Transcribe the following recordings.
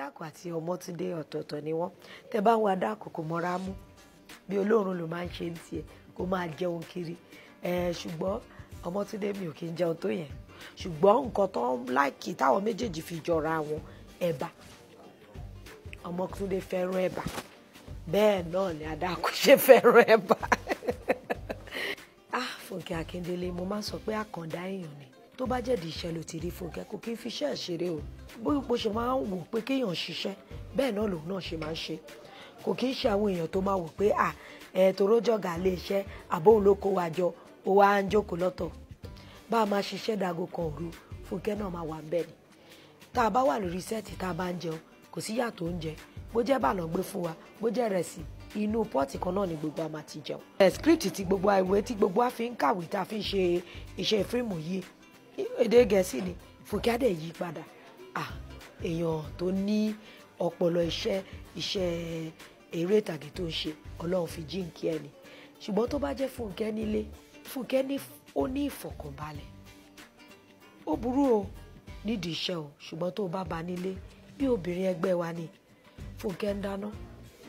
Adáko àti Ọmọ́túndé ọ̀tọ̀ọ̀tọ̀ ni wọ́n tẹ́ bá ń wo Adáko kò mọ́ra mú bí olóòórùn ló máa ń ṣe ń tiẹ̀ kó máa jẹun kiri ṣùgbọ́n Ọmọ́túndé mi ò kí ń jẹun tó yẹn ṣùgbọ́n nǹkan tó ń láìkì táwọn méjèèjì fi jọra wọn ẹ̀bà Ọmọ́túndé fẹ́ràn ẹ̀bà bẹ́ẹ̀ náà ni Adáko ṣe fẹ́ràn ẹ̀bà ah, Fúnkẹ́ Akíndélé mo máa sọ pé àkàndá èèyàn ni tó bá jẹ́ di iṣẹ́ ló ti rí Fúnkẹ́ kò kí n fi iṣẹ́ ṣeré o bó ṣe máa ń wò pé kéèyàn ṣiṣẹ́ bẹ́ẹ̀ náà lòun náà ṣe máa ń ṣe kò kí n ṣe àwọn èèyàn tó máa wò pé à ẹ toró jọ̀gà lé iṣẹ́ àbóhùn ló wa jọ ó wá ń jókòó lọ́tọ̀ bá a máa ṣiṣẹ́ dago kan òru Fúnkẹ́ náà máa wà ń ni tá a bá wà lórí sẹ́ẹ̀tì tá a bá ń jẹun kò sí yàtọ̀ oúnjẹ bó jẹ́ bàlọ́ gbé fún wa bó jẹ́ rẹ̀sì inú pọ́ọ̀tì kan náà ni gbogbo a máa ti jẹun. script ti gbogbo ìwé tí gbogbo a fi ń kàwé tá a fi ń ṣe iṣẹ́ fíìmù yìí èdè gẹ̀ẹ́sì ni Fúnkẹ́ adẹ̀ yí padà ah èèyàn tó ní ọpọlọ iṣẹ́ iṣẹ́ eré ìtàgé tó ń ṣe ọlọ́run fi jíǹkí ẹ̀ ni ṣùgbọ́n tó bá jẹ́ Fúnkẹ́ nílé Fúnkẹ́ ní ó ní ìfọ̀kànbalẹ̀ ó burú o nídìí iṣẹ́ o ṣùgbọ́n tó bá ba nílé bí obìnrin ẹgbẹ́ wa ni Fúnkẹ́ ń dáná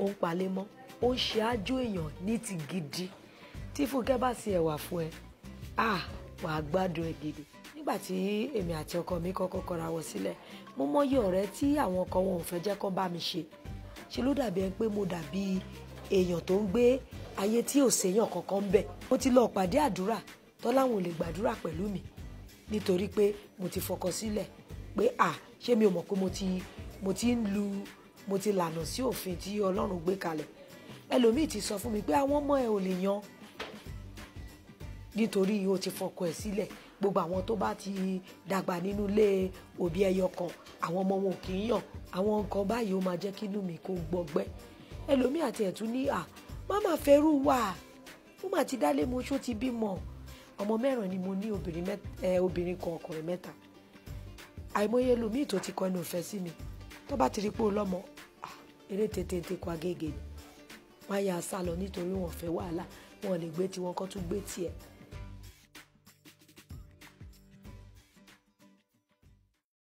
ó ń palẹ̀ mọ́ ó ń ṣe ájó èèyàn ní ti gidi tí Fúnkẹ́ bá ṣe ẹ̀wà fún ẹ ah wàá gbádùn ẹ̀ gidi nígbà tí èmi àti ọkọ mi kọ́kọ́ kọra wọ sílẹ̀ mo mọyì ọ̀rẹ́ tí àwọn ọkọ wọn ò fẹ́ jẹ́ kó bá mi ṣe ṣe ló dàbí ẹ pé mo dàbí èèyàn tó ń gbé ayé tí ò séèyàn kankan ń bẹ̀ mo ti lọ pàdé àdúrà tọ́láwọn ò lè gbàdúrà pẹ̀lú mi nítorí pé mo ti fọkọ sílẹ̀ pé à ṣé mi ò mọ̀ pé mo ti mo ti ń lu mo ti lànà sí òfin tí Ọlọ́run gbé kalẹ̀ ẹlòmíì ti sọ fún mi pé àwọn ọmọ ẹ ò lè yan nítorí o ti fọkọ ẹ sílẹ̀ gbogbo àwọn tó bá ti dàgbà nínú ilé òbí ẹyọ kan àwọn ọmọ wọn ò kì í yàn àwọn nǹkan báyìí ó máa jẹ́ kí inú mi kó gbọgbẹ́ ẹlòmíì àti ẹ̀tún ní à mama fẹ́rù wà ó mà ti dálé mo ṣó ti bímọ ọmọ mẹ́rin ni mo ní obìnrin kan ọkùnrin mẹ́ta àìmọye ẹlòmíì tó ti kọ ẹnu ìfẹ́ sí mi tó bá ti rí pé ó lọ́mọ eré tètè ń tekọ agége ni wọ́n á yà á sá lọ nítorí wọn fẹ́ wàhálà wọn lè gbé tiwọn kó tún gbé tiẹ̀